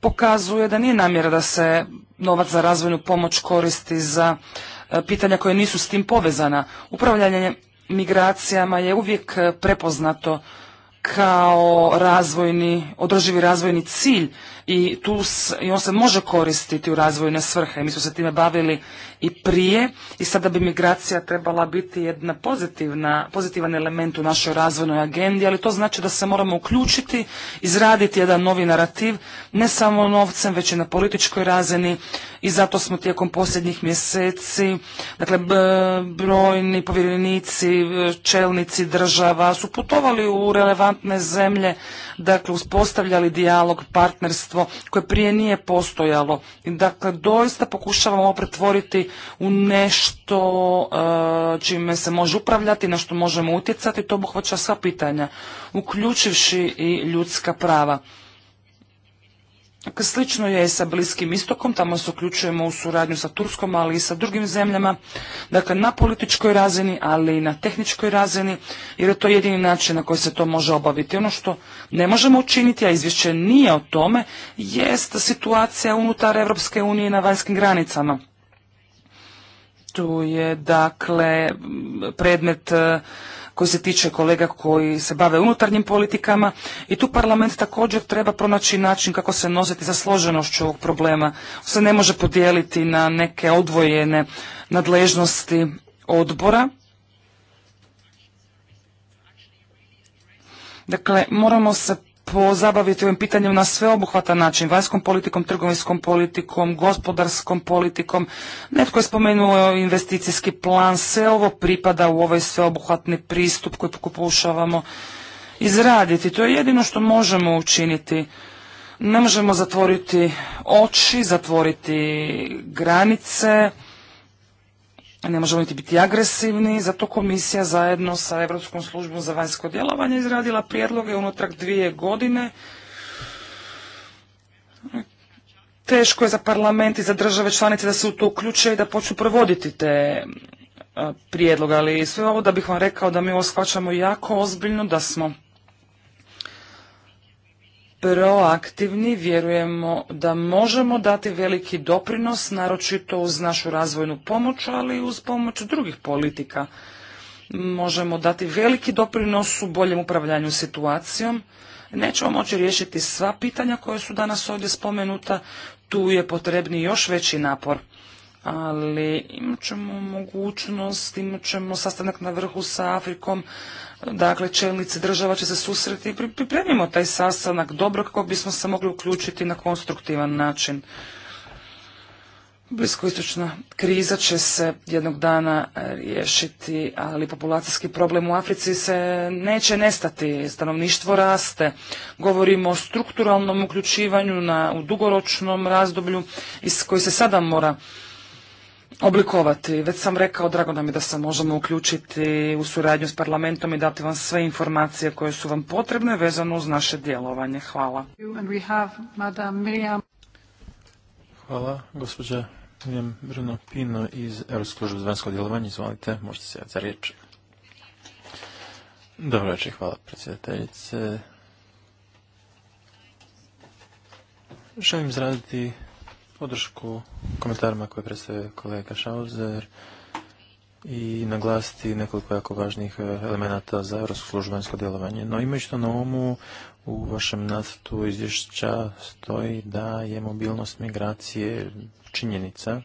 pokazuje da nije namjera da se novac za razvojnu pomoć koristi za e, pitanja koje nisu s tim povezana. Upravljanje migracijama je uvijek prepoznato kao razvojni, održivi razvojni cilj i, tu, i on se može koristiti u razvojne svrhe. Mi smo se time bavili i prije i sada bi migracija trebala biti jedna pozitivna, pozitivan element u našoj razvojnoj agendi, ali to znači da se moramo uključiti, izraditi jedan novi narativ, ne samo novcem, već i na političkoj razini i zato smo tijekom posljednjih mjeseci, dakle brojni povjerenici, čelnici država su putovali u relevantne zemlje, dakle uspostavljali dijalog, partnerstvo koje prije nije postojalo. I dakle doista pokušavamo pretvoriti u nešto e, čime se može upravljati, na što možemo utjecati, to obuhvaća sva pitanja, uključivši i ljudska prava. Slično je i sa Bliskim istokom, tamo se uključujemo u suradnju sa Turskom, ali i sa drugim zemljama, dakle na političkoj razini, ali i na tehničkoj razini, jer je to jedini način na koji se to može obaviti. Ono što ne možemo učiniti, a izvješće nije o tome, jest situacija unutar Evropske unije na vanjskim granicama. Tu je dakle predmet koji se tiče kolega koji se bave unutarnjim politikama i tu parlament također treba pronaći način kako se nositi za složenošću ovog problema. Se ne može podijeliti na neke odvojene nadležnosti odbora. Dakle, moramo se pozabaviti ovim pitanjem na sveobuhvatan način, vanjskom politikom, trgovinskom politikom, gospodarskom politikom. Netko je spomenuo investicijski plan, sve ovo pripada u ovaj sveobuhvatni pristup koji pokušavamo izraditi. To je jedino što možemo učiniti. Ne možemo zatvoriti oči, zatvoriti granice, ne možemo niti biti agresivni, zato komisija zajedno sa Europskom službom za vanjsko djelovanje izradila prijedloge unutar dvije godine. Teško je za parlament i za države članice da se u to uključe i da počnu provoditi te e, prijedloge, ali sve ovo da bih vam rekao da mi ovo shvaćamo jako ozbiljno, da smo proaktivni, vjerujemo da možemo dati veliki doprinos, naročito uz našu razvojnu pomoć, ali i uz pomoć drugih politika. Možemo dati veliki doprinos u boljem upravljanju situacijom. Nećemo moći riješiti sva pitanja koja su danas ovdje spomenuta, tu je potrebni još veći napor ali imat ćemo mogućnost, imat ćemo sastanak na vrhu sa Afrikom, dakle čelnici država će se susreti i pripremimo taj sastanak dobro kako bismo se mogli uključiti na konstruktivan način. Bliskoistočna kriza će se jednog dana riješiti, ali populacijski problem u Africi se neće nestati, stanovništvo raste. Govorimo o strukturalnom uključivanju na, u dugoročnom razdoblju iz koji se sada mora oblikovati. Već sam rekao, drago nam je da se možemo uključiti u suradnju s parlamentom i dati vam sve informacije koje su vam potrebne vezano uz naše djelovanje.
Hvala. Hvala, gospođa Miriam Pino iz Europske službe za vanjsko djelovanje. Izvolite, možete se za riječ. Dobro večer, hvala predsjedateljice. Želim izraditi podršku komentarima koje predstavlja kolega Šauzer i naglasiti nekoliko jako važnih e, elemenata za europsko službensko djelovanje. No imajući to na umu, u vašem nacrtu izvješća stoji da je mobilnost migracije činjenica,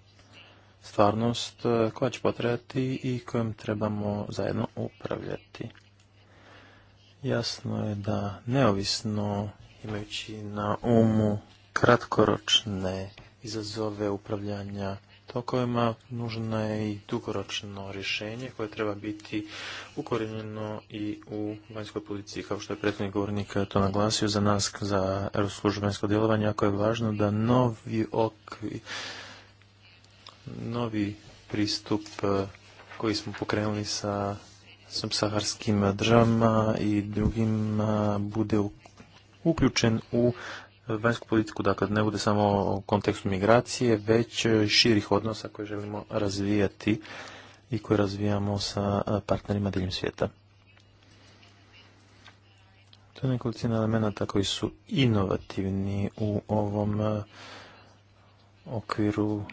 stvarnost e, koja će potrebati i kojom trebamo zajedno upravljati. Jasno je da neovisno imajući na umu kratkoročne izazove upravljanja tokovima, nužno je i dugoročno rješenje koje treba biti ukorenjeno i u vanjskoj policiji. Kao što je prethodni govornik to naglasio, za nas, za službe djelovanje, ako je važno da novi okvi, novi pristup eh, koji smo pokrenuli sa subsaharskim državama i drugim eh, bude uključen u vanjsku politiku, dakle ne bude samo u kontekstu migracije, već e, širih odnosa koje želimo razvijati i koje razvijamo sa e, partnerima diljem svijeta. To je nekolicina elemenata koji su inovativni u ovom e, okviru.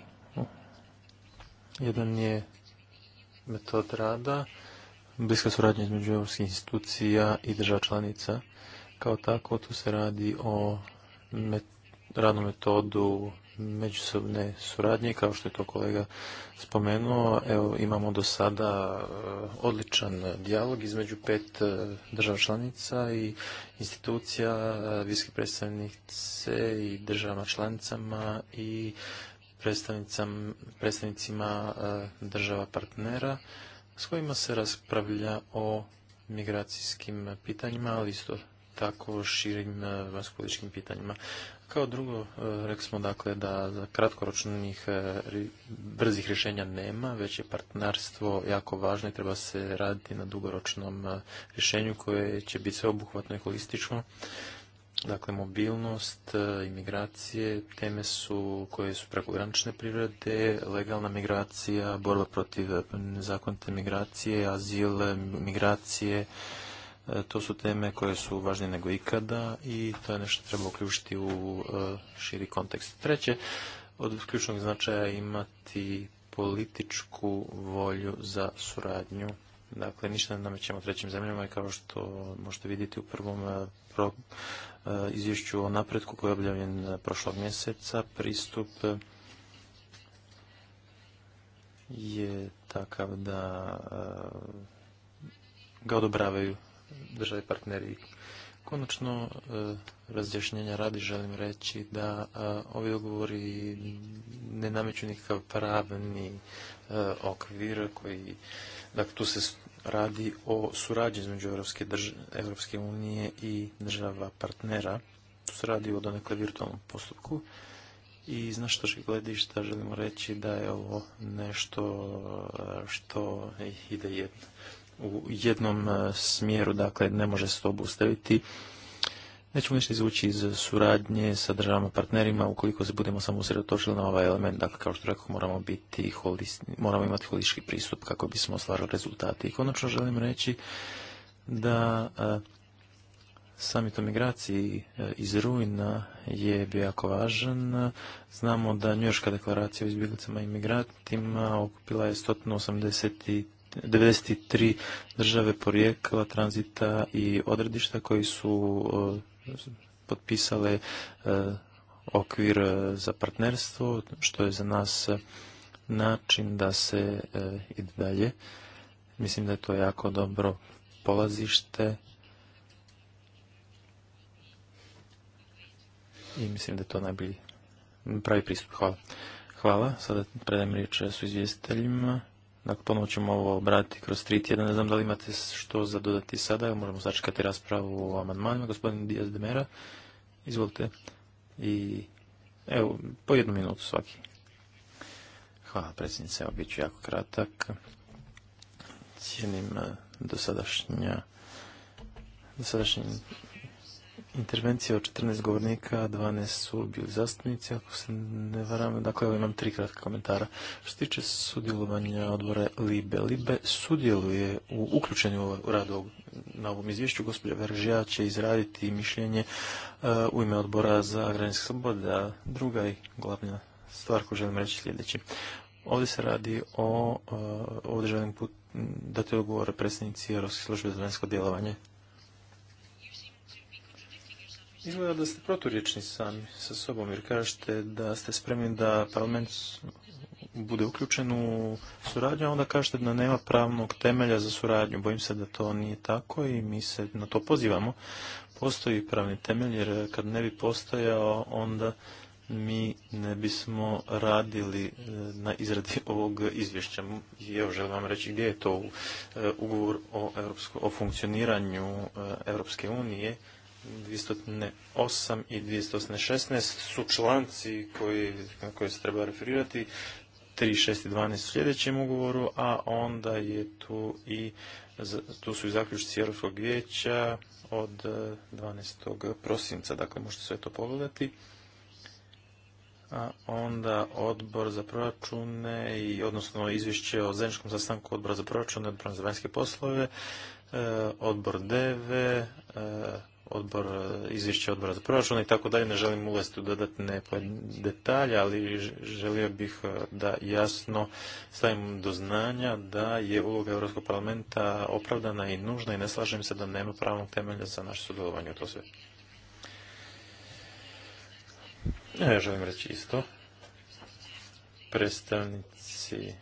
Jedan je metod rada, bliska suradnja između europskih institucija i država članica. Kao tako tu se radi o radnu metodu međusobne suradnje, kao što je to kolega spomenuo. Evo, imamo do sada e, odličan dijalog između pet e, država članica i institucija, e, viske predstavnice i državama članicama i predstavnicima država partnera s kojima se raspravlja o migracijskim pitanjima, ali isto tako širim e, vanjskopolitičkim pitanjima. Kao drugo, e, rekli smo dakle da za kratkoročnih e, brzih rješenja nema, već je partnerstvo jako važno i treba se raditi na dugoročnom rješenju koje će biti sveobuhvatno i holistično. Dakle, mobilnost, imigracije, teme su koje su prekogranične prirode, legalna migracija, borba protiv nezakonite migracije, azil, migracije, E, to su teme koje su važnije nego ikada i to je nešto treba uključiti u e, širi kontekst. Treće, od ključnog značaja imati političku volju za suradnju. Dakle, ništa ne namećemo trećim zemljama i kao što možete vidjeti u prvom e, izvješću o napretku koji je objavljen prošlog mjeseca, pristup je takav da ga odobravaju države partneri. Konačno, e, razjašnjenja radi želim reći da e, ovi ugovori ne nameću nikakav pravni e, okvir koji, dakle tu se radi o suradnji između Europske, unije i država partnera. Tu se radi o donekle virtualnom postupku. I iz našeg gledišta želimo reći da je ovo nešto što ide jedno u jednom e, smjeru, dakle ne može se to obustaviti. Nećemo ništa izvući iz suradnje sa državama partnerima ukoliko se budemo samo usredotočili na ovaj element. Dakle, kao što rekao, moramo, biti holisni, moramo imati holistički pristup kako bismo ostvarili rezultate. I konačno želim reći da e, samitom migraciji e, iz Rujna je bio jako važan. Znamo da Njujorška deklaracija o izbjeglicama i migrantima okupila je 183 93 države porijekla, tranzita i odredišta koji su e, potpisale e, okvir e, za partnerstvo, što je za nas način da se ide dalje. Mislim da je to jako dobro polazište i mislim da je to najbolji pravi pristup. Hvala. Hvala. Sada predajem riječ su izvjestiteljima. Dakle, ponovno ćemo ovo obratiti kroz tri tjedna. Ne znam da li imate što za dodati sada. Evo, možemo začekati raspravu o amandmanima. Gospodin Dijaz Demera, izvolite. I evo, po jednu minutu svaki. Hvala predsjednice, evo bit ću jako kratak. Cijenim do eh, Do sadašnje... Intervencija od 14 govornika, 12 su bili zastupnici, ako se ne varam. Dakle, evo imam tri kratka komentara. Što se tiče sudjelovanja odbora Libe, Libe sudjeluje u uključenju u radu na ovom izvješću. Gospođa Veržija će izraditi mišljenje e, u ime odbora za građanske slobode, a druga i glavna stvar koju želim reći sljedeći. Ovdje se radi o, e, održavanju putu, da put dati odgovore predsjednici Europske službe za vanjsko djelovanje Izgleda da ste proturječni sami sa sobom, jer kažete da ste spremni da parlament bude uključen u suradnju, a onda kažete da nema pravnog temelja za suradnju. Bojim se da to nije tako i mi se na to pozivamo. Postoji pravni temelj, jer kad ne bi postojao, onda mi ne bismo radili e, na izradi ovog izvješća. I evo želim vam reći gdje je to e, ugovor o, o funkcioniranju e, Europske unije 208 i 216 su članci na koje se treba referirati. 3, 6 i 12 u sljedećem ugovoru, a onda je tu i tu su i zaključci Europskog vijeća od 12. E, prosinca, dakle možete sve to pogledati. A onda odbor za proračune i odnosno izvješće o zajedničkom sastanku odbora za proračune, odbora za vanjske poslove, e, odbor DEVE, e, odbor, e, izvješće odbora za proračun i tako dalje. Ne želim uvesti u dodatne detalje, ali želio bih e, da jasno stavim do znanja da je uloga Europskog parlamenta opravdana i nužna i ne slažem se da nema pravnog temelja za naše sudjelovanje u to sve. Ja želim reći isto. Predstavnici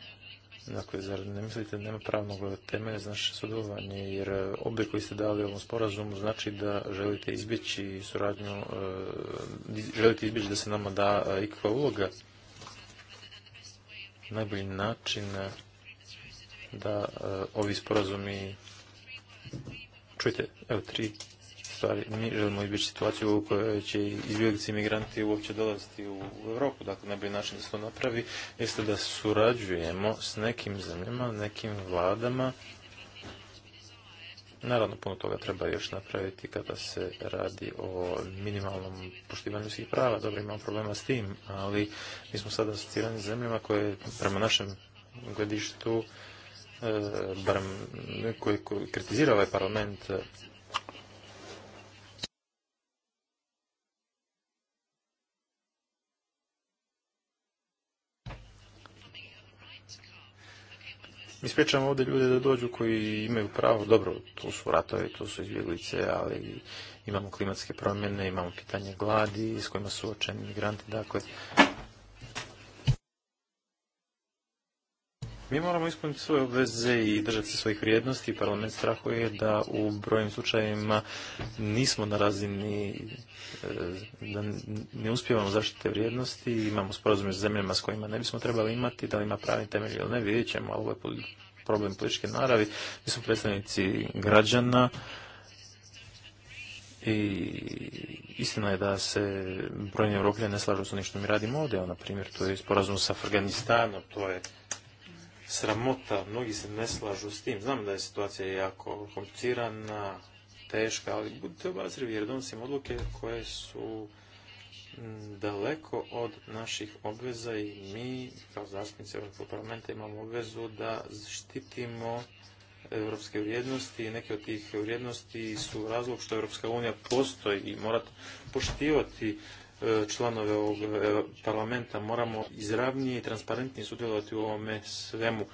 Dakle, zar ne mislite da nema pravnog temelja za naše sudovanje, jer e, obje koji ste dali ovom sporazumu znači da želite izbjeći suradnju, e, želite izbjeći da se nama da e, ikakva uloga? Najbolji način da ovi sporazumi... Čujte, evo tri stvari, mi želimo izbjeći situaciju u kojoj će izbjeglice imigranti uopće dolaziti u Europu, dakle najbolji način da se to napravi jeste da surađujemo s nekim zemljama, nekim vladama. Naravno, puno toga treba još napraviti kada se radi o minimalnom poštivanju svih prava. Dobro, imamo problema s tim, ali mi smo sada s zemljama koje prema našem gledištu e, barem koji kritizira ovaj parlament Mi ovdje ljude da dođu koji imaju pravo, dobro, tu su ratovi, tu su izbjeglice, ali imamo klimatske promjene, imamo pitanje gladi s kojima su očeni migranti, dakle, Mi moramo ispuniti svoje obveze i držati se svojih vrijednosti. Parlament strahuje da u brojnim slučajevima nismo na razini, e, da ne uspijevamo zaštite vrijednosti, imamo sporazume s zemljama s kojima ne bismo trebali imati, da li ima pravi temelj ili ne, vidjet ćemo, ali ovo je problem političke naravi. Mi smo predstavnici građana, i istina je da se brojni Europljani ne slažu sa onim što mi radimo ovdje. Na primjer, to je sporazum sa Afganistanom, to je sramota, mnogi se ne slažu s tim. Znam da je situacija jako komplicirana, teška, ali budite obazrivi jer donosim odluke koje su daleko od naših obveza i mi kao zastupnici Europskog parlamenta imamo obvezu da štitimo europske vrijednosti i neke od tih vrijednosti su razlog što Europska unija postoji i mora poštivati članove ovog e, parlamenta. Moramo izravnije i transparentnije sudjelovati u ovome svemu.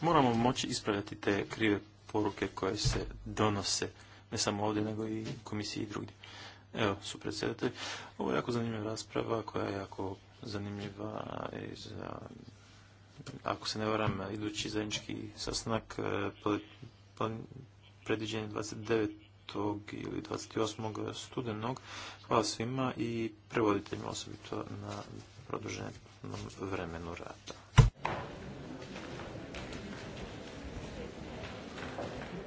Moramo moći ispravljati te krive poruke koje se donose, ne samo ovdje, nego i komisiji i drugdje. Evo, su predsjedatelji. Ovo je jako zanimljiva rasprava koja je jako zanimljiva i za ako se ne varam, idući zajednički sastanak e, predviđen je 29. ili 28. studenog. Hvala svima i prevoditeljima osobito na produženom vremenu rata.